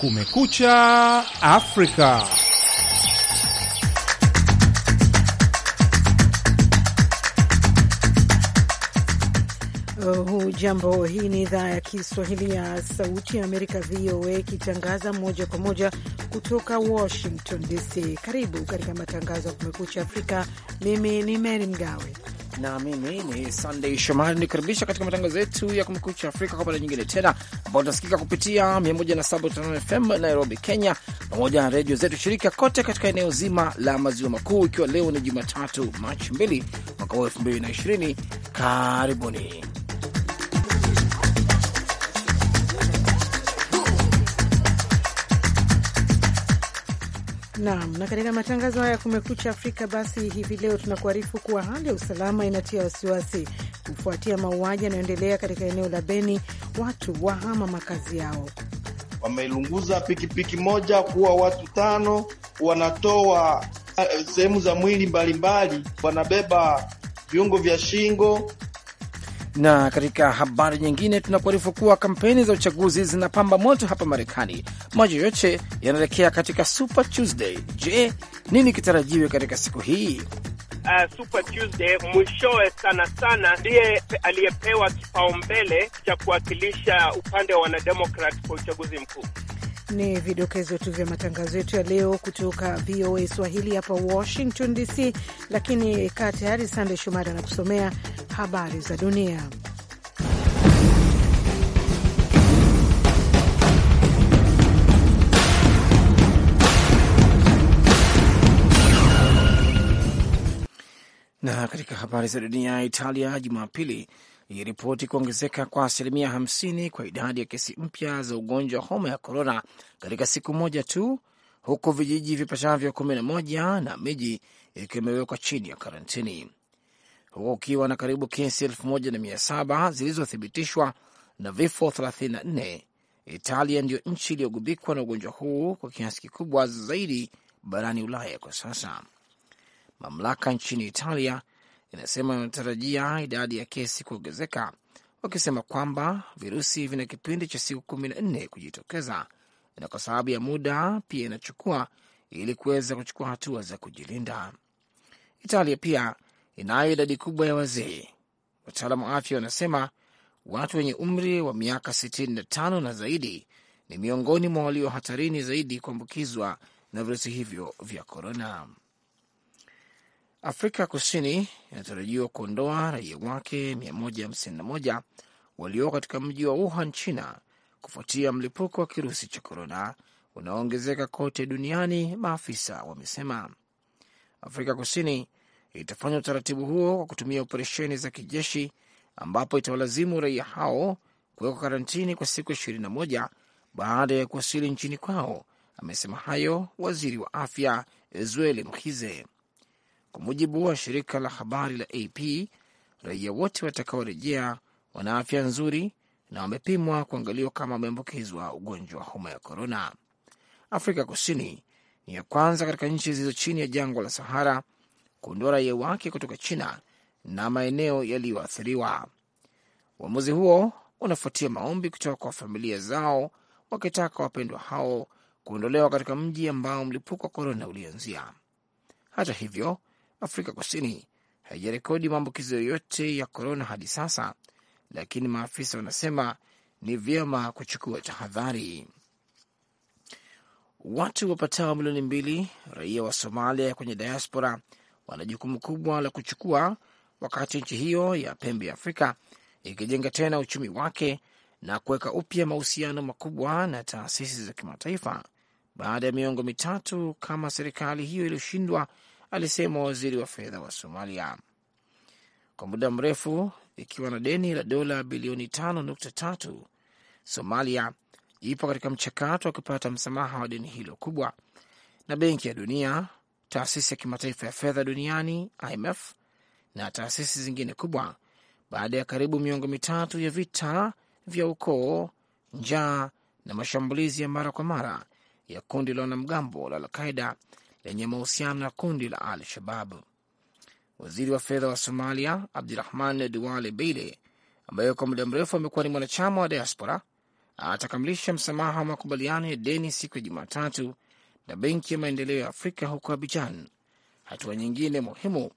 Kumekucha Afrika. Uh, Hujambo, hii ni idhaa ya Kiswahili ya Sauti ya Amerika, VOA, ikitangaza moja kwa moja kutoka Washington DC. Karibu katika matangazo ya Kumekucha Afrika. Mimi ni Meri Mgawe na mimi ni Sunday Shomari nikaribisha katika matangazo yetu ya Kumekucha Afrika kwa mara nyingine tena, ambao tunasikika kupitia 107.5 FM Nairobi, Kenya, pamoja na redio zetu shirika kote katika eneo zima la maziwa makuu, ikiwa leo ni Jumatatu Machi 2 mwaka 2020. Karibuni. Naam, na katika matangazo haya Kumekucha Afrika, basi hivi leo tunakuarifu kuwa hali ya usalama inatia wasiwasi kufuatia mauaji yanayoendelea katika eneo la Beni, watu wahama makazi yao. Wamelunguza pikipiki moja kuwa watu tano, wanatoa eh, sehemu za mwili mbalimbali, wanabeba viungo vya shingo na katika habari nyingine, tunakuarifu kuwa kampeni za uchaguzi zinapamba moto hapa Marekani. Macho yote yanaelekea katika Super Tuesday. Je, nini kitarajiwe katika siku hii? Uh, Super Tuesday mwishowe sana sana ndiye aliyepewa kipaumbele cha kuwakilisha upande wa wanademokrat kwa uchaguzi mkuu. Ni vidokezo tu vya matangazo yetu ya leo kutoka VOA Swahili hapa Washington DC, lakini kaa tayari, Sande Shomari anakusomea habari za dunia. Na katika habari za dunia, Italia Jumapili iliripoti kuongezeka kwa asilimia 50 kwa idadi ya kesi mpya za ugonjwa wa homa ya korona katika siku moja tu, huku vijiji vipatavyo 11 na na miji ikiwa imewekwa chini ya karantini, huku ukiwa na karibu kesi elfu zilizothibitishwa na vifo 34. Italia ndiyo nchi iliyogubikwa na ugonjwa huu kwa kiasi kikubwa zaidi barani Ulaya kwa sasa. Mamlaka nchini Italia inasema inatarajia idadi ya kesi kuongezeka, wakisema kwamba virusi vina kipindi cha siku kumi na nne kujitokeza na kwa sababu ya muda pia inachukua ili kuweza kuchukua hatua za kujilinda. Italia pia inayo idadi kubwa ya wazee. Wataalamu wa afya wanasema watu wenye umri wa miaka 65 na zaidi ni miongoni mwa walio hatarini zaidi kuambukizwa na virusi hivyo vya korona. Afrika Kusini inatarajiwa kuondoa raia wake 151 walio katika mji wa Wuhan, China, kufuatia mlipuko wa kirusi cha korona unaoongezeka kote duniani, maafisa wamesema. Afrika Kusini itafanya utaratibu huo kwa kutumia operesheni za kijeshi, ambapo itawalazimu raia hao kuwekwa karantini kwa siku 21 baada ya kuwasili nchini kwao. Amesema hayo waziri wa afya Zweli Mkhize. Kwa mujibu wa shirika la habari la AP, raia wote watakaorejea wana afya nzuri na wamepimwa kuangaliwa kama wameambukizwa ugonjwa wa homa ya korona. Afrika Kusini ni ya kwanza katika nchi zilizo chini ya jangwa la Sahara kuondoa raia wake kutoka China na maeneo yaliyoathiriwa. Uamuzi huo unafuatia maombi kutoka kwa familia zao wakitaka wapendwa hao kuondolewa katika mji ambao mlipuko wa korona ulianzia. Hata hivyo, Afrika Kusini haijarekodi maambukizo yoyote ya korona hadi sasa, lakini maafisa wanasema ni vyema kuchukua tahadhari. Watu wapatao milioni mbili raia wa Somalia kwenye diaspora wana jukumu kubwa la kuchukua wakati nchi hiyo ya pembe ya Afrika ikijenga tena uchumi wake na kuweka upya mahusiano makubwa na taasisi za kimataifa baada ya miongo mitatu kama serikali hiyo iliyoshindwa alisema waziri wa fedha wa Somalia. Kwa muda mrefu ikiwa na deni la dola bilioni 5.3, Somalia ipo katika mchakato wa kupata msamaha wa deni hilo kubwa, na Benki ya Dunia, taasisi ya kimataifa ya fedha duniani IMF na taasisi zingine kubwa, baada ya karibu miongo mitatu ya vita vya ukoo, njaa na mashambulizi ya mara kwa mara ya kundi la wanamgambo la Alqaida lenye mahusiano na kundi la Al Shabab. Waziri wa fedha wa Somalia Abdurahman Duale Beile, ambaye kwa muda mrefu amekuwa ni mwanachama wa diaspora, atakamilisha msamaha wa makubaliano ya deni siku ya Jumatatu na Benki ya Maendeleo ya Afrika huko Abijan, hatua nyingine muhimu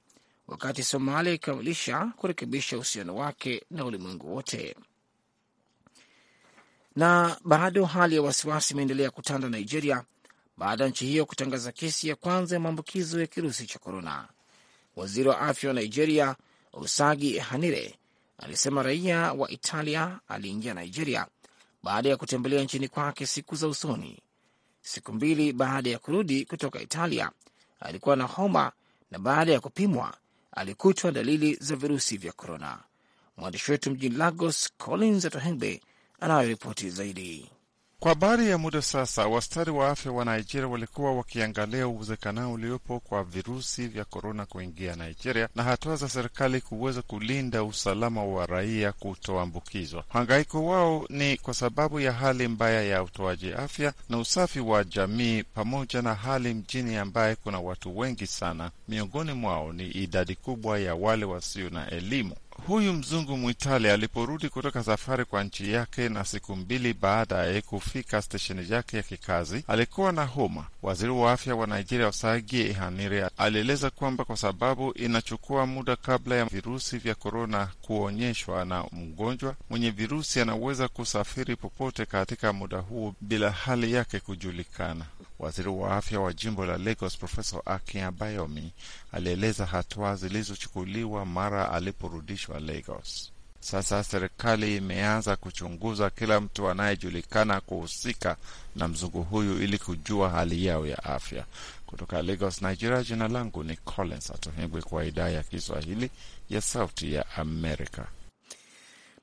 wakati Somalia ikikamilisha kurekebisha uhusiano wake na ulimwengu wote. Na bado hali ya wasiwasi imeendelea kutanda Nigeria baada ya nchi hiyo kutangaza kesi ya kwanza ya maambukizo ya kirusi cha korona. Waziri wa afya wa Nigeria Usagi Hanire alisema raia wa Italia aliingia Nigeria baada ya kutembelea nchini kwake siku za usoni. Siku mbili baada ya kurudi kutoka Italia alikuwa na homa na baada ya kupimwa alikutwa dalili za virusi vya korona. Mwandishi wetu mjini Lagos, Collins Atohengbe, anayoripoti zaidi. Kwa habari ya muda sasa, wastari wa afya wa Nigeria walikuwa wakiangalia uwezekanao uliopo kwa virusi vya korona kuingia Nigeria na hatua za serikali kuweza kulinda usalama wa raia kutoambukizwa. Hangaiko wao ni kwa sababu ya hali mbaya ya utoaji afya na usafi wa jamii, pamoja na hali mjini ambaye kuna watu wengi sana. Miongoni mwao ni idadi kubwa ya wale wasio na elimu. Huyu mzungu mwitali aliporudi kutoka safari kwa nchi yake na siku mbili baadaye kufika stesheni yake ya kikazi alikuwa na homa. Waziri wa afya wa Nigeria Osagi hanire alieleza kwamba kwa sababu inachukua muda kabla ya virusi vya korona kuonyeshwa na mgonjwa, mwenye virusi anaweza kusafiri popote katika muda huu bila hali yake kujulikana. Waziri wa afya wa jimbo la Lagos profeso Akin Abayomi alieleza hatua zilizochukuliwa mara aliporudishwa Lagos. Sasa serikali imeanza kuchunguza kila mtu anayejulikana kuhusika na mzungu huyu ili kujua hali yao ya afya. Kutoka Lagos, Nigeria, jina langu ni Collins Atohengwi kwa idhaa ya Kiswahili ya Sauti ya Amerika.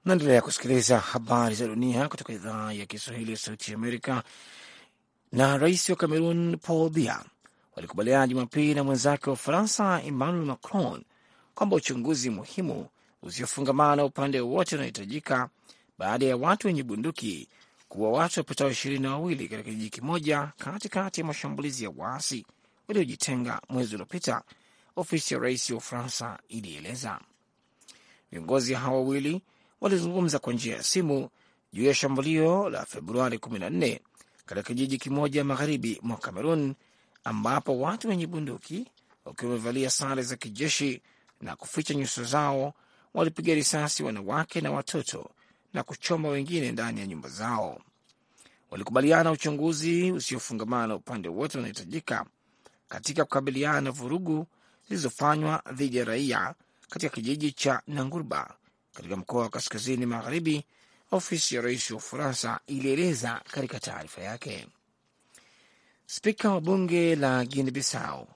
Naendelea kusikiliza habari za dunia kutoka idhaa ya Kiswahili ya Sauti ya Amerika na rais wa Cameroon Paul Biya walikubaliana Jumapili na mwenzake wa Ufaransa Emmanuel Macron kwamba uchunguzi muhimu usiofungamana na upande wowote unahitajika baada ya watu wenye bunduki kuwa watu wapatao ishirini na wawili katika kijiji kimoja katikati ya mashambulizi ya waasi waliojitenga mwezi uliopita. Ofisi ya rais wa Ufaransa ilieleza viongozi hao wawili walizungumza kwa njia ya simu juu ya shambulio la Februari 14 katika kijiji kimoja magharibi mwa Kamerun ambapo watu wenye bunduki wakiwa wamevalia sare za kijeshi na kuficha nyuso zao walipiga risasi wanawake na watoto na kuchoma wengine ndani ya nyumba zao. Walikubaliana uchunguzi usiofungamana na upande wote unaohitajika katika kukabiliana na vurugu zilizofanywa dhidi ya raia katika kijiji cha Nangurba katika mkoa wa kaskazini magharibi ofisi ya rais wa Ufaransa ilieleza katika taarifa yake. Spika wa bunge la Guinea Bissau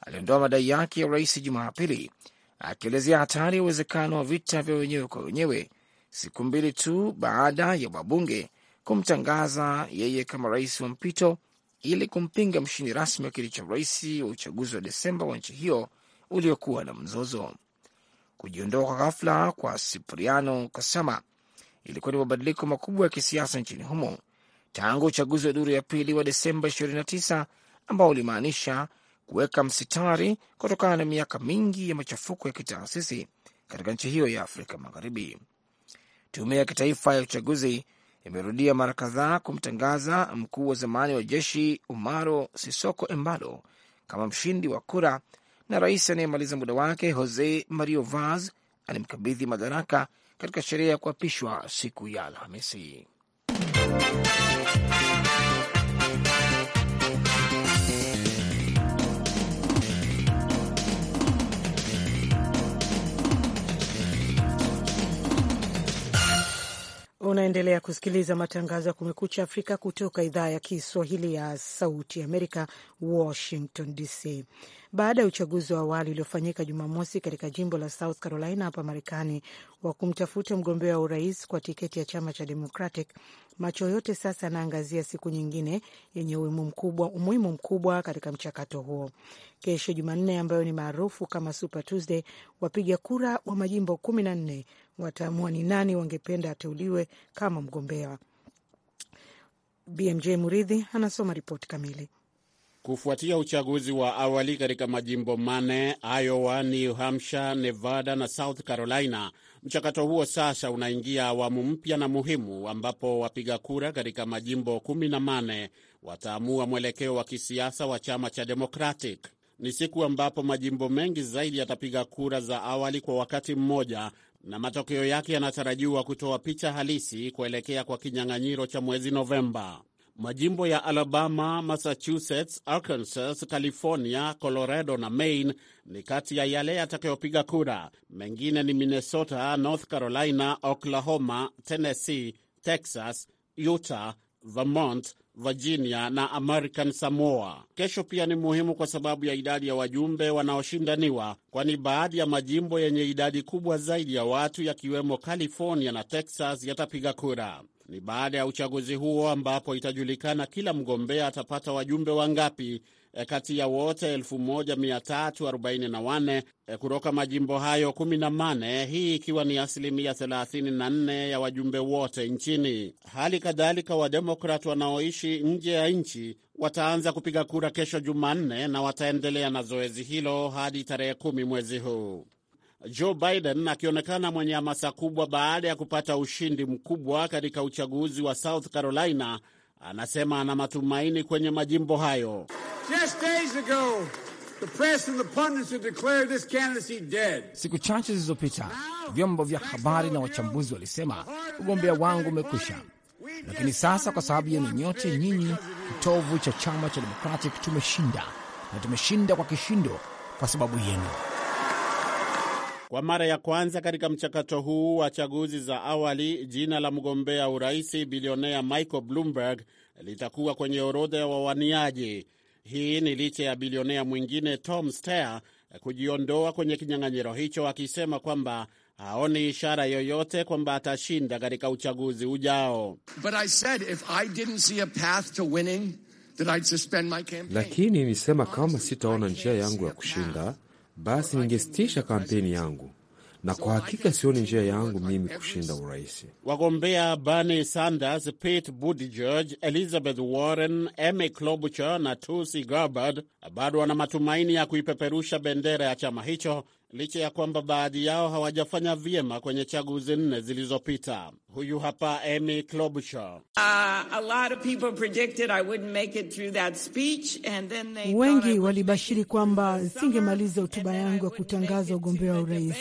aliondoa madai yake ya urais Jumapili, akielezea hatari ya uwezekano wa vita vya wenyewe kwa wenyewe, siku mbili tu baada ya wabunge kumtangaza yeye kama rais wa mpito ili kumpinga mshindi rasmi wa kiti cha urais wa uchaguzi wa Desemba wa nchi hiyo uliokuwa na mzozo. Kujiondoa kwa ghafla kwa Sipriano Kasama ilikuwa ni mabadiliko makubwa ya kisiasa nchini humo tangu uchaguzi wa duru ya pili wa Desemba 29 ambao ulimaanisha kuweka msitari kutokana na miaka mingi ya machafuko ya kitaasisi katika nchi hiyo ya Afrika Magharibi. Tume ya kitaifa ya uchaguzi imerudia mara kadhaa kumtangaza mkuu wa zamani wa jeshi Umaro Sisoko Embalo kama mshindi wa kura, na rais anayemaliza muda wake Jose Mario Vaz alimkabidhi madaraka katika sherehe ya kuapishwa siku ya Alhamisi. Unaendelea kusikiliza matangazo ya Kumekucha Afrika kutoka idhaa ya Kiswahili ya Sauti Amerika, Washington DC baada ya uchaguzi wa awali uliofanyika Jumamosi katika jimbo la South Carolina hapa Marekani wa kumtafuta mgombea wa urais kwa tiketi ya chama cha Democratic. Macho yote sasa yanaangazia siku nyingine yenye umuhimu mkubwa, umuhimu mkubwa katika mchakato huo. Kesho Jumanne, ambayo ni maarufu kama Super Tuesday, wapiga kura wa majimbo kumi na nne wataamua ni nani wangependa ateuliwe kama mgombea. BMJ Muridhi anasoma ripoti kamili kufuatia uchaguzi wa awali katika majimbo mane Iowa, New Hampshire, Nevada na South Carolina. Mchakato huo sasa unaingia awamu mpya na muhimu, ambapo wapiga kura katika majimbo kumi na mane wataamua mwelekeo wa kisiasa wa chama cha Democratic. Ni siku ambapo majimbo mengi zaidi yatapiga kura za awali kwa wakati mmoja, na matokeo yake yanatarajiwa kutoa picha halisi kuelekea kwa kinyang'anyiro cha mwezi Novemba. Majimbo ya Alabama, Massachusetts, Arkansas, California, Colorado na Maine ni kati ya yale yatakayopiga kura. Mengine ni Minnesota, North Carolina, Oklahoma, Tennessee, Texas, Utah, Vermont, Virginia na American Samoa. Kesho pia ni muhimu kwa sababu ya idadi ya wajumbe wanaoshindaniwa, kwani baadhi ya majimbo yenye idadi kubwa zaidi ya watu yakiwemo California na Texas yatapiga kura. Ni baada ya uchaguzi huo ambapo itajulikana kila mgombea atapata wajumbe wangapi eh, kati ya wote 1344 eh, kutoka majimbo hayo 18, hii ikiwa ni asilimia 34 ya wajumbe wote nchini. Hali kadhalika, Wademokrat wanaoishi nje ya nchi wataanza kupiga kura kesho Jumanne na wataendelea na zoezi hilo hadi tarehe kumi mwezi huu. Joe Biden akionekana mwenye hamasa kubwa baada ya kupata ushindi mkubwa katika uchaguzi wa South Carolina, anasema ana matumaini kwenye majimbo hayo. Siku chache zilizopita, vyombo vya habari na wachambuzi walisema ugombea wangu umekwisha, lakini sasa kwa sababu yenu nyote nyinyi, kitovu cha chama cha Democratic, tumeshinda na tumeshinda kwa kishindo kwa sababu yenu. Kwa mara ya kwanza katika mchakato huu wa chaguzi za awali, jina la mgombea urais bilionea Michael Bloomberg litakuwa kwenye orodha ya wawaniaji. Hii ni licha ya bilionea mwingine Tom Steyer kujiondoa kwenye kinyang'anyiro hicho akisema kwamba haoni ishara yoyote kwamba atashinda katika uchaguzi ujao. Lakini nisema kama sitaona njia yangu ya kushinda basi ningesitisha kampeni yangu, na kwa hakika sioni njia yangu mimi kushinda urais. Wagombea Bernie Sanders, Pete Buttigieg, Elizabeth Warren, Amy Klobuchar na Tulsi Gabbard bado wana matumaini ya kuipeperusha bendera ya chama hicho licha ya kwamba baadhi yao hawajafanya vyema kwenye chaguzi nne zilizopita. Huyu hapa Amy Klobuchar. Uh, wengi walibashiri kwamba nisingemaliza hotuba yangu ya kutangaza ugombea wa urais,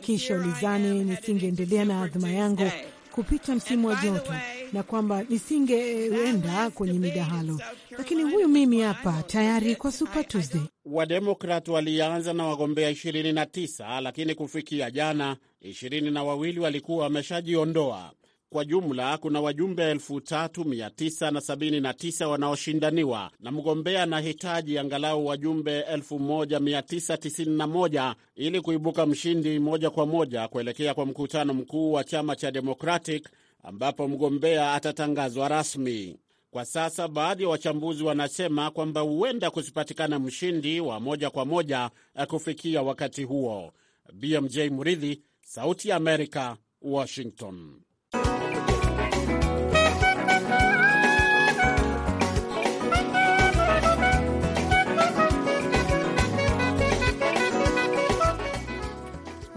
kisha ulizani nisingeendelea na adhima yangu kupita msimu wa joto na kwamba nisingeenda kwenye midahalo, lakini huyu mimi hapa tayari kwa Super Tuesday. Wademokrat walianza na wagombea 29 lakini kufikia jana ishirini na wawili walikuwa wameshajiondoa. Kwa jumla kuna wajumbe 3979 wanaoshindaniwa na mgombea anahitaji angalau wajumbe 1991 ili kuibuka mshindi moja kwa moja kuelekea kwa mkutano mkuu wa chama cha Democratic ambapo mgombea atatangazwa rasmi. Kwa sasa baadhi ya wachambuzi wanasema kwamba huenda kusipatikana mshindi wa moja kwa moja eh, kufikia wakati huo. BMJ Muridhi, Sauti ya Amerika, Washington.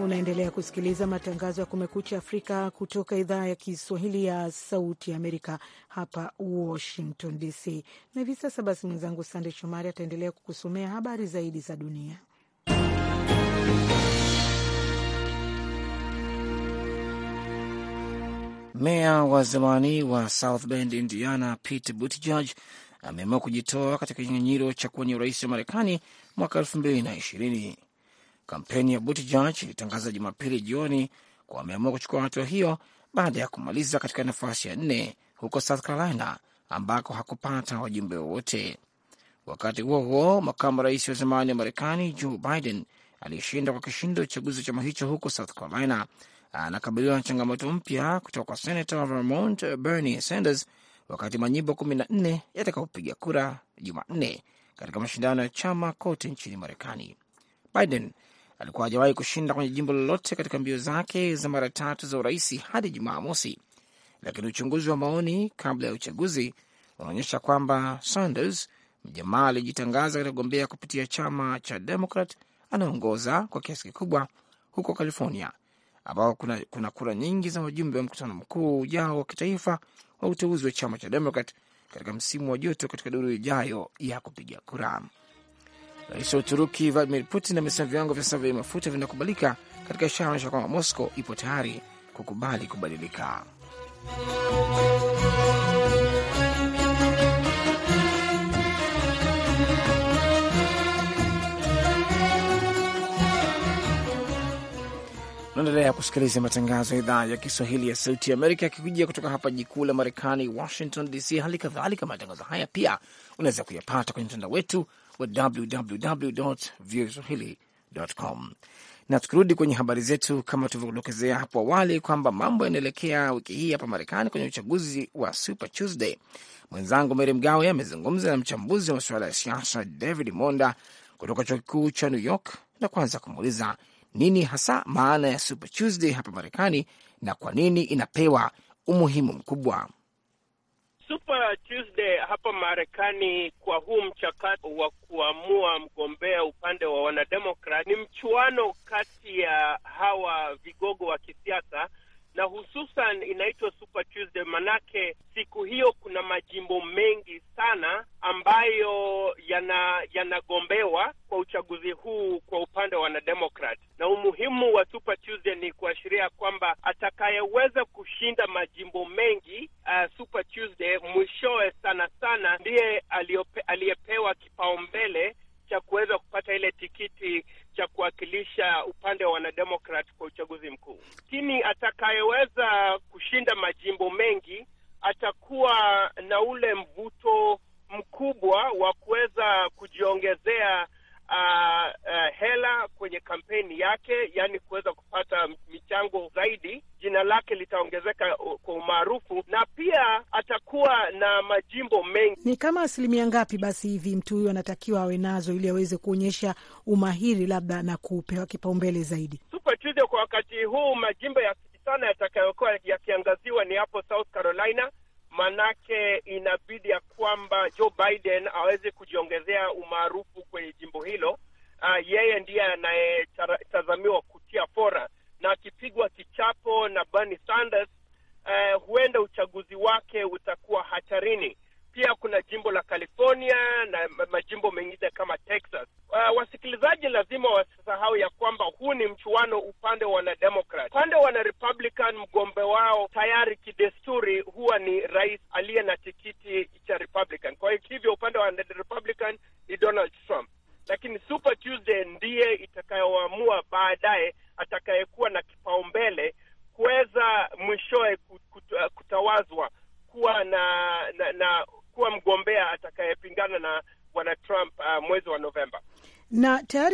Unaendelea kusikiliza matangazo ya Kumekucha Afrika kutoka idhaa ya Kiswahili ya Sauti Amerika hapa Washington DC, na hivi sasa basi mwenzangu Sande Shomari ataendelea kukusomea habari zaidi za dunia. Meya wa zamani wa South Bend, Indiana, Pete Buttigieg ameamua kujitoa katika kinyang'anyiro cha kuwania urais wa Marekani mwaka elfu mbili na ishirini. Kampeni ya Buttigieg ilitangaza Jumapili jioni kuwa ameamua kuchukua hatua hiyo baada ya kumaliza katika nafasi ya nne huko South Carolina ambako hakupata wajumbe wowote. Wakati huo huo, makamu rais wa zamani wa Marekani Joe Biden aliyeshinda kwa kishindo uchaguzi wa chama hicho huko South Carolina anakabiliwa na changamoto mpya kutoka kwa senata wa Vermont Bernie Sanders wakati manyimbo kumi na nne yatakapopiga kura Jumanne katika mashindano ya chama kote nchini Marekani. Biden alikuwa hajawahi kushinda kwenye jimbo lolote katika mbio zake za mara tatu za urais hadi Jumamosi, lakini uchunguzi wa maoni kabla ya uchaguzi unaonyesha kwamba Sanders, mjamaa aliyejitangaza katika kugombea kupitia chama cha Demokrat, anaongoza kwa kiasi kikubwa huko California, ambao kuna, kuna kura nyingi za wajumbe wa mkutano mkuu ujao wa kitaifa wa uteuzi wa chama cha Demokrat katika msimu wa joto katika duru ijayo ya kupiga kura. Rais wa Uturuki Vladimir Putin amesema viwango vya sasa vya mafuta vinakubalika katika ishara onyesha kwamba Moscow ipo tayari kukubali kubadilika. Naendelea kusikiliza matangazo ya idhaa ya Kiswahili ya Sauti Amerika yakikujia kutoka hapa jikuu la Marekani, Washington DC. Hali kadhalika matangazo haya pia unaweza kuyapata kwenye mtandao wetu wa www voa swahili com. Na tukirudi kwenye habari zetu, kama tulivyodokezea hapo awali kwamba mambo yanaelekea wiki hii hapa Marekani kwenye uchaguzi wa Super Tuesday, mwenzangu Mary Mgawe amezungumza na mchambuzi wa masuala ya siasa David Monda kutoka chuo kikuu cha New York na kwanza kumuuliza nini hasa maana ya Super Tuesday hapa Marekani na kwa nini inapewa umuhimu mkubwa. Super Tuesday hapa Marekani kwa huu mchakato wa kuamua mgombea upande wa wanademokrat, ni mchuano kati ya hawa vigogo wa kisiasa na hususan inaitwa Super Tuesday, manake siku hiyo kuna majimbo mengi sana ambayo yanagombewa yana kwa uchaguzi huu kwa upande wa wanademokrat, na umuhimu wa Super Tuesday ni kuashiria kwamba atakayeweza kushinda majimbo mengi uh, Super Tuesday mwishowe sana sana ndiye aliyepewa kipaumbele cha kuweza kupata ile tikiti cha kuwakilisha upande wa wanademokrat kwa uchaguzi mkuu. Lakini atakayeweza kushinda majimbo mengi atakuwa na ule mvuto mkubwa wa kuweza kujiongezea uh, uh, hela kwenye kampeni yake, yaani kuweza kupata mchango zaidi, jina lake litaongezeka uh, kwa umaarufu na pia atakuwa na majimbo mengi. Ni kama asilimia ngapi basi hivi mtu huyu anatakiwa awe nazo ili aweze kuonyesha umahiri labda na kupewa kipaumbele zaidi? Super Tuesday kwa wakati huu majimbo ya sana yatakayokuwa yakiangaziwa ni hapo South Carolina, manake inabidi ya kwamba Joe Biden aweze kujiongezea umaarufu kwenye jimbo hilo. Uh, yeye ndiye anayetazamiwa kutia fora na akipigwa kichapo na Bernie Sanders eh, huenda uchaguzi wake utakuwa hatarini. Pia kuna jimbo la California na majimbo mengine kama Texas. Uh, wasikilizaji lazima wasisahau ya kwamba huu ni mchuano upande wa wanademokrat. Upande wa wanarepublican, mgombe wao tayari kidesturi huwa ni rais aliye na tikiti cha Republican. Kwa hivyo upande wa Republican ni Donald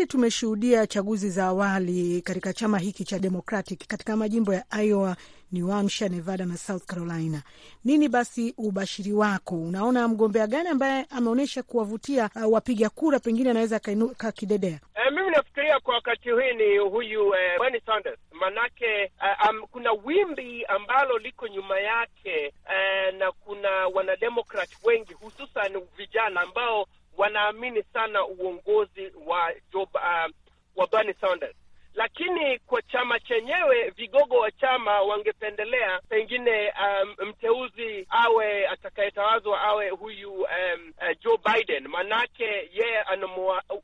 tayari tumeshuhudia chaguzi za awali katika chama hiki cha Democratic katika majimbo ya Iowa, New Hampshire, Nevada na South Carolina. Nini basi ubashiri wako? Unaona mgombea gani ambaye ameonyesha kuwavutia uh, wapiga kura, pengine anaweza kakidedea? E, mimi nafikiria kwa wakati huu ni huyu eh, Bernie Sanders manake uh, um, kuna wimbi ambalo liko nyuma yake uh, na kuna wanademokrat wengi hususan vijana ambao wanaamini sana uongozi wa Job, uh, wa Bernie Sanders, lakini kwa chama chenyewe vigogo wa chama wangependelea pengine um, mteuzi awe atakayetawazwa awe huyu um, uh, Joe Biden, manake yeye ana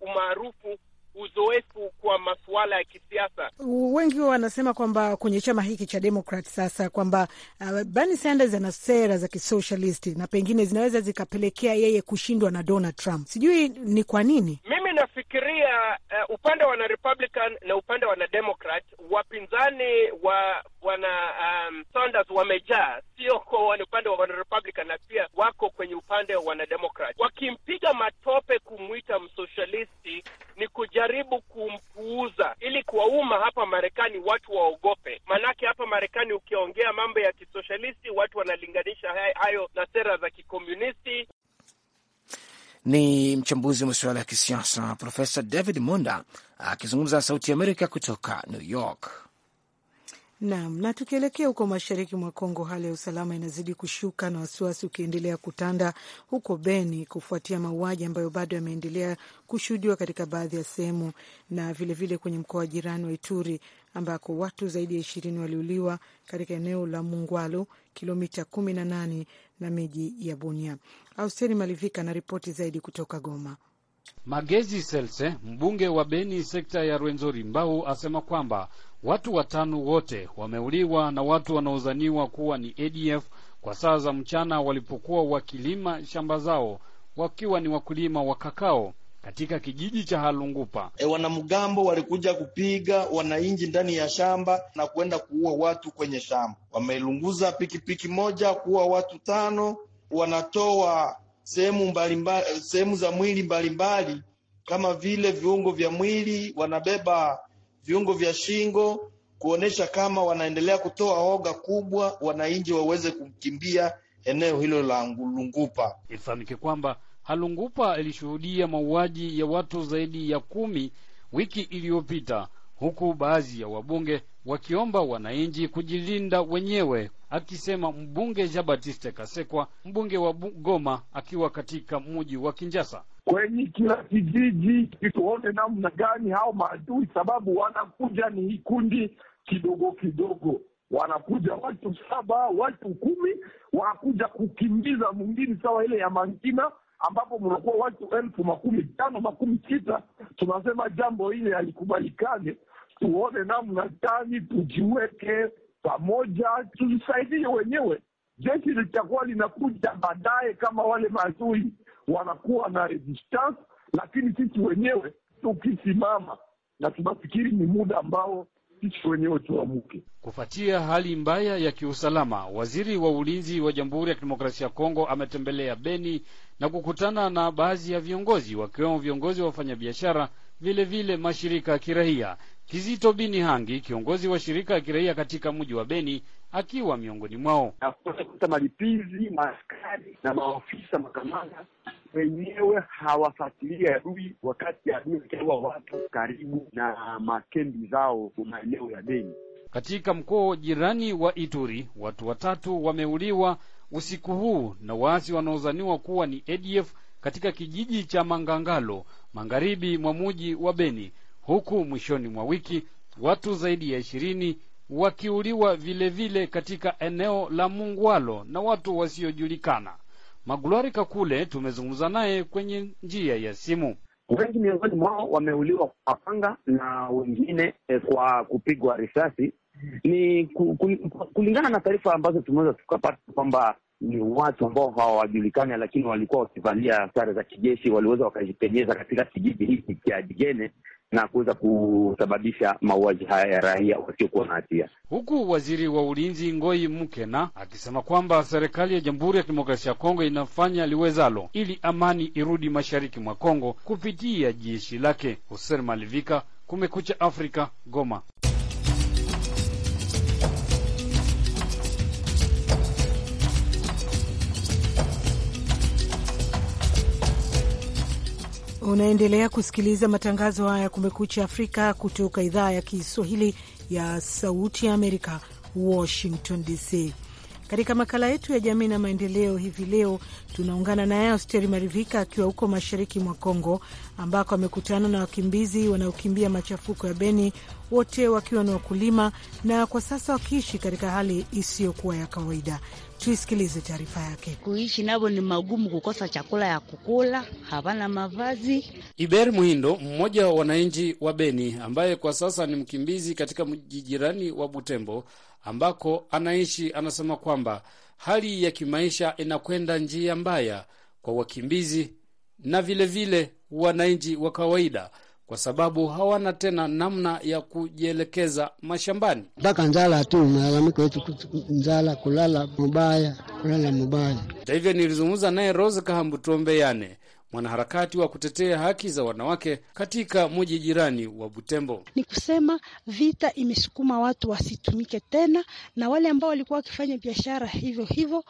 umaarufu, uzoefu kwa masuala ya kisiasa. Wengi wanasema kwamba kwenye chama hiki cha demokrat sasa kwamba uh, Bernie Sanders ana sera za kisocialisti na pengine zinaweza zikapelekea yeye kushindwa na Donald Trump. Sijui ni kwa nini Mi nafikiria uh, upande wa wanarepublican na upande wa wanademokrat, wapinzani wa bwana um, Sanders wamejaa, sio kwa upande wa wanarepublican, na pia wako kwenye upande wa wanademokrat. Wakimpiga matope kumwita msoshalisti ni kujaribu kumpuuza ili kuwauma hapa Marekani watu waogope, maanake hapa Marekani ukiongea mambo ya kisoshalisti watu wanalinganisha hayo na sera za kikomunisti. Ni mchambuzi wa masuala ya kisiasa Profesa David Monda akizungumza na Sauti Amerika kutoka New York. Naam, na tukielekea huko mashariki mwa Kongo, hali ya usalama inazidi kushuka na wasiwasi ukiendelea kutanda huko Beni kufuatia mauaji ambayo bado yameendelea kushuhudiwa katika baadhi ya sehemu na vilevile vile kwenye mkoa wa jirani wa Ituri ambako watu zaidi ya ishirini waliuliwa katika eneo la Mungwalu, kilomita kumi na nane na miji ya Bunia. Austeri Malivika na ripoti zaidi kutoka Goma. Magezi Selse, mbunge wa Beni sekta ya Rwenzori Mbau, asema kwamba watu watano wote wameuliwa na watu wanaozaniwa kuwa ni ADF kwa saa za mchana walipokuwa wakilima shamba zao wakiwa ni wakulima wa kakao katika kijiji cha Halungupa. E, wanamgambo walikuja kupiga wananchi ndani ya shamba na kuenda kuua watu kwenye shamba. Wamelunguza pikipiki moja kuua watu tano, wanatoa sehemu mbalimbali, sehemu za mwili mbalimbali mbali, kama vile viungo vya mwili, wanabeba viungo vya shingo kuonesha kama wanaendelea kutoa hoga kubwa wananchi waweze kukimbia eneo hilo la Ngulungupa. Ifahamike kwamba Halungupa ilishuhudia mauaji ya watu zaidi ya kumi wiki iliyopita, huku baadhi ya wabunge wakiomba wananchi kujilinda wenyewe, akisema mbunge Jean Baptiste Kasekwa, mbunge wa Goma, akiwa katika mji wa kinjasa Kwenye kila kijiji tuone namna gani hao maadui, sababu wanakuja ni kundi kidogo kidogo, wanakuja watu saba, watu kumi, wanakuja kukimbiza mwingine, sawa ile ya Mangina ambapo mnakuwa watu elfu makumi tano makumi sita. Tunasema jambo hili halikubalikane, tuone namna gani tujiweke pamoja, tujisaidie wenyewe. Jeshi litakuwa linakuja baadaye kama wale maadui wanakuwa na resistance, lakini sisi wenyewe tukisimama, na tunafikiri ni muda ambao sisi wenyewe tuamuke. Kufuatia hali mbaya ya kiusalama, waziri wa ulinzi wa Jamhuri ya Kidemokrasia ya Kongo ametembelea Beni na kukutana na baadhi ya viongozi wakiwemo viongozi wa wafanyabiashara vile vile mashirika ya kiraia. Kizito Bini Hangi, kiongozi wa shirika ya kiraia katika mji wa Beni, akiwa miongoni mwao. Nakuta malipizi maaskari na maofisa makamanda wenyewe hawafuatilii adui, wakati adui akiua watu karibu na makembi zao maeneo ya Beni. Katika mkoa jirani wa Ituri, watu watatu wameuliwa usiku huu na waasi wanaozaniwa kuwa ni ADF katika kijiji cha Mangangalo magharibi mwa muji wa Beni, huku mwishoni mwa wiki watu zaidi ya ishirini wakiuliwa vilevile vile katika eneo la Mungwalo na watu wasiojulikana. Magulari Kakule tumezungumza naye kwenye njia ya simu. Wengi miongoni mwao wameuliwa kwa panga na wengine eh, kwa kupigwa risasi. Ni kulingana na taarifa ambazo tumeweza tukapata kwamba ni watu ambao hawajulikani, lakini walikuwa wakivalia sare za kijeshi, waliweza wakajipenyeza katika kijiji hiki cha Jigene na kuweza kusababisha mauaji haya ya raia wasiokuwa na hatia, huku waziri wa ulinzi Ngoi Mukena akisema kwamba serikali ya Jamhuri ya Kidemokrasia ya Kongo inafanya liwezalo ili amani irudi mashariki mwa Kongo kupitia jeshi lake. Hoser Malivika, Kumekucha Afrika, Goma. Unaendelea kusikiliza matangazo haya ya Kumekucha Afrika kutoka idhaa ya Kiswahili ya Sauti ya Amerika, Washington DC. Katika makala yetu ya jamii na maendeleo hivi leo tunaungana naye Austeri Marivika akiwa huko mashariki mwa Kongo ambako amekutana na wakimbizi wanaokimbia machafuko ya Beni, wote wakiwa ni wakulima na kwa sasa wakiishi katika hali isiyokuwa ya kawaida. Tuisikilize taarifa yake. Kuishi navyo ni magumu, kukosa chakula ya kukula, havana mavazi. Iber Muhindo, mmoja wa wananchi wa Beni ambaye kwa sasa ni mkimbizi katika mji jirani wa Butembo, ambako anaishi anasema kwamba hali ya kimaisha inakwenda njia mbaya kwa wakimbizi na vilevile wananchi wa kawaida, kwa sababu hawana tena namna ya kujielekeza mashambani. Mpaka njala tu, malalamiko yetu njala, kulala mubaya, kulala mubaya. Hata hivyo nilizungumza naye Rose Kahambutombe Yane mwanaharakati wa kutetea haki za wanawake katika mji jirani wa Butembo. Ni kusema vita imesukuma watu wasitumike tena, na wale ambao walikuwa wakifanya biashara hivyo hivyo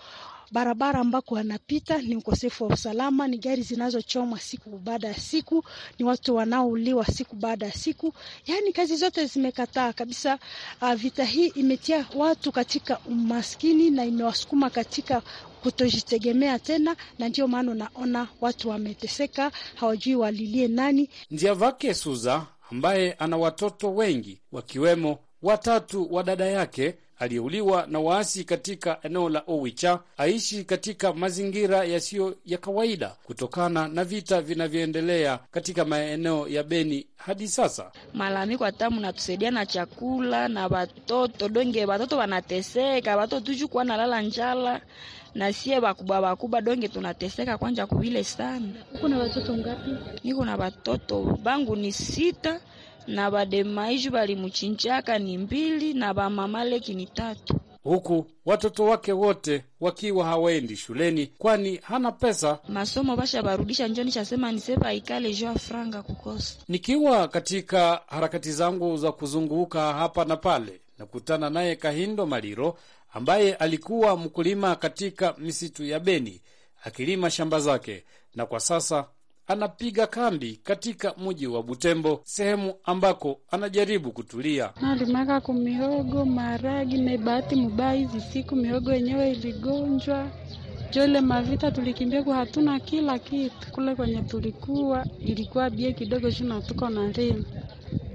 barabara ambako wanapita ni ukosefu wa usalama, ni gari zinazochomwa siku baada ya siku, ni watu wanaouliwa siku baada ya siku, Yani kazi zote zimekataa kabisa. Uh, vita hii imetia watu katika umaskini na imewasukuma katika kutojitegemea tena, na ndio maana unaona watu wameteseka, hawajui walilie nani. Njia vake Suza ambaye ana watoto wengi wakiwemo watatu wa dada yake aliyeuliwa na waasi katika eneo la Owicha aishi katika mazingira yasiyo ya kawaida kutokana na vita vinavyoendelea katika maeneo ya Beni hadi sasa. Malalamiko atamu natusaidia na chakula na watoto donge, watoto wanateseka, watoto tujukuwa nalala njala na sie wakubwa wakubwa donge tunateseka kwanja kuvile sana. Uko na watoto ngapi? Niko na watoto bangu ni sita na bali balimuchinjaka ni mbili na bamamaleki ni tatu, huku watoto wake wote wakiwa hawaendi shuleni, kwani hana pesa masomo. Basha barudisha njoni chasema nisepa ikale jua franga kukosa. Nikiwa katika harakati zangu za kuzunguka hapa na pale, nakutana naye Kahindo Maliro ambaye alikuwa mkulima katika misitu ya Beni akilima shamba zake na kwa sasa anapiga kambi katika mji wa Butembo, sehemu ambako anajaribu kutulia. Nalimaka ku mihogo maragi na bahati mubaya, hizi siku mihogo yenyewe iligonjwa jole mavita tulikimbia ku hatuna kila kitu kule kwenye tulikuwa ilikuwa bie kidogo shina tuko na rimu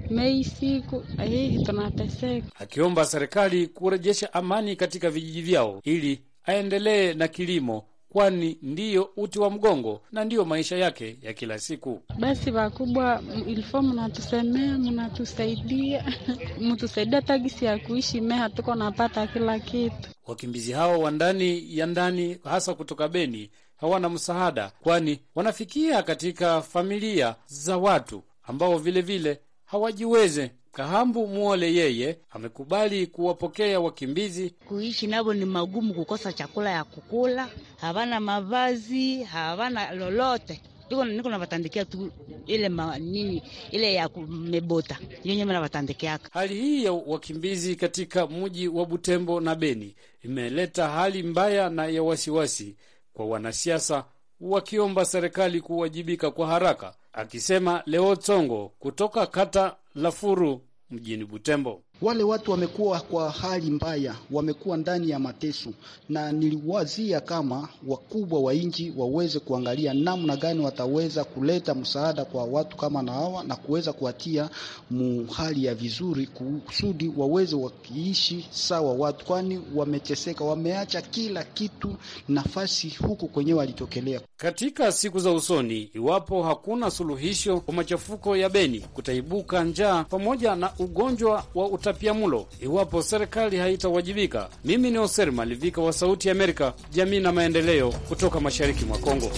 mei siku hii eh, tunateseka. Akiomba serikali kurejesha amani katika vijiji vyao ili aendelee na kilimo kwani ndiyo uti wa mgongo na ndiyo maisha yake ya kila siku. Basi wakubwa ilifo, mnatusemea mnatusaidia, mtusaidia tagisi ya kuishi me hatuko napata kila kitu. Wakimbizi hao wa ndani ya ndani hasa kutoka Beni hawana msaada, kwani wanafikia katika familia za watu ambao vilevile vile hawajiweze Kahambu Mwole yeye amekubali kuwapokea wakimbizi. Kuishi navo ni magumu, kukosa chakula ya kukula, havana mavazi, havana lolote niko navatandikia tu ile ma, nini ile ya kumebota yenye navatandikiaka. Hali hii ya wakimbizi katika mji wa Butembo na Beni imeleta hali mbaya na ya wasiwasi kwa wanasiasa, wakiomba serikali kuwajibika kwa haraka akisema Leo Tsongo kutoka kata la Furu mjini Butembo. Wale watu wamekuwa kwa hali mbaya, wamekuwa ndani ya mateso, na niliwazia kama wakubwa wa nchi waweze kuangalia namna gani wataweza kuleta msaada kwa watu kama na hawa na kuweza kuwatia muhali ya vizuri, kusudi waweze wakiishi sawa watu, kwani wameteseka, wameacha kila kitu, nafasi huko kwenyewe walitokelea. Katika siku za usoni, iwapo hakuna suluhisho kwa machafuko ya Beni, kutaibuka njaa pamoja na ugonjwa wa utapiamlo iwapo serikali haitawajibika. Mimi ni Oser Malivika wa Sauti ya Amerika, jamii na maendeleo, kutoka mashariki mwa Kongo.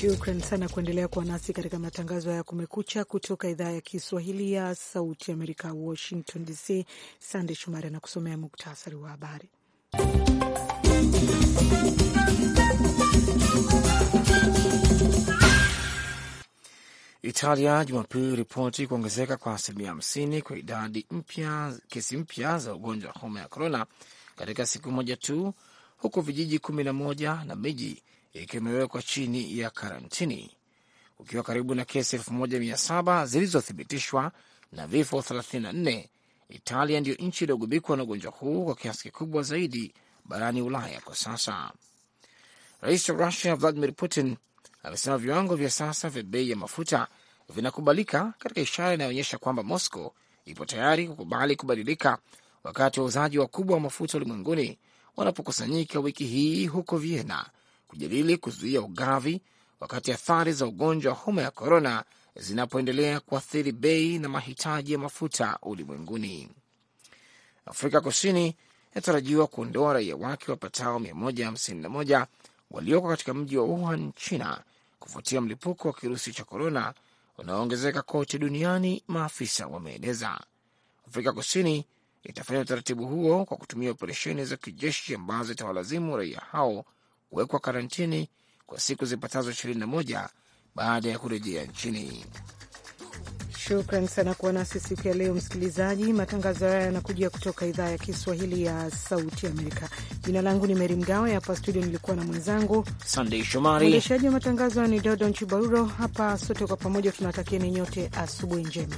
Shukran sana kuendelea kuwa nasi katika matangazo ya Kumekucha kutoka idhaa ya Kiswahili ya Sauti Amerika, Washington DC. Sande Shumari anakusomea muktasari wa habari. Italia Jumapili ripoti kuongezeka kwa asilimia hamsini kwa idadi mpya kesi mpya za ugonjwa wa homa ya korona katika siku moja tu, huku vijiji kumi na moja na miji ikiwa imewekwa chini ya karantini, ukiwa karibu na kesi elfu moja mia saba zilizothibitishwa na vifo 34. Italia ndiyo nchi iliyogubikwa na ugonjwa huu kwa kiasi kikubwa zaidi barani Ulaya kwa sasa. Rais wa Rusia Vladimir Putin amesema viwango vya sasa vya bei ya mafuta vinakubalika katika ishara inayoonyesha kwamba Moscow ipo tayari kukubali kubadilika wakati wauzaji wakubwa wa mafuta ulimwenguni wanapokusanyika wiki hii huko Vienna kujadili kuzuia ugavi, wakati athari za ugonjwa wa homa ya korona zinapoendelea kuathiri bei na mahitaji ya mafuta ulimwenguni. Afrika Kusini inatarajiwa kuondoa raia wake wapatao 151 walioko katika mji wa Wuhan, China, kufuatia mlipuko wa kirusi cha korona unaoongezeka kote duniani, maafisa wameeleza. Afrika Kusini itafanya utaratibu huo kwa kutumia operesheni za kijeshi ambazo itawalazimu raia hao kuwekwa karantini kwa siku zipatazo 21 baada ya kurejea nchini. Shukran sana kuwa nasi siku ya leo, msikilizaji. Matangazo haya yanakujia kutoka idhaa ya Kiswahili ya Sauti Amerika. Jina langu ni Meri Mgawe, hapa studio nilikuwa na mwenzangu Sandei Shomari. Mwendeshaji wa matangazo ni Dodon Chibaruro. Hapa sote kwa pamoja tunawatakieni nyote asubuhi njema.